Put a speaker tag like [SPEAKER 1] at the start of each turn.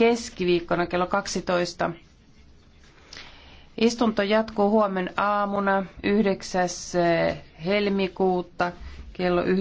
[SPEAKER 1] keskiviikkona kello 12. Istunto jatkuu huomen aamuna 9. helmikuuta kello 9.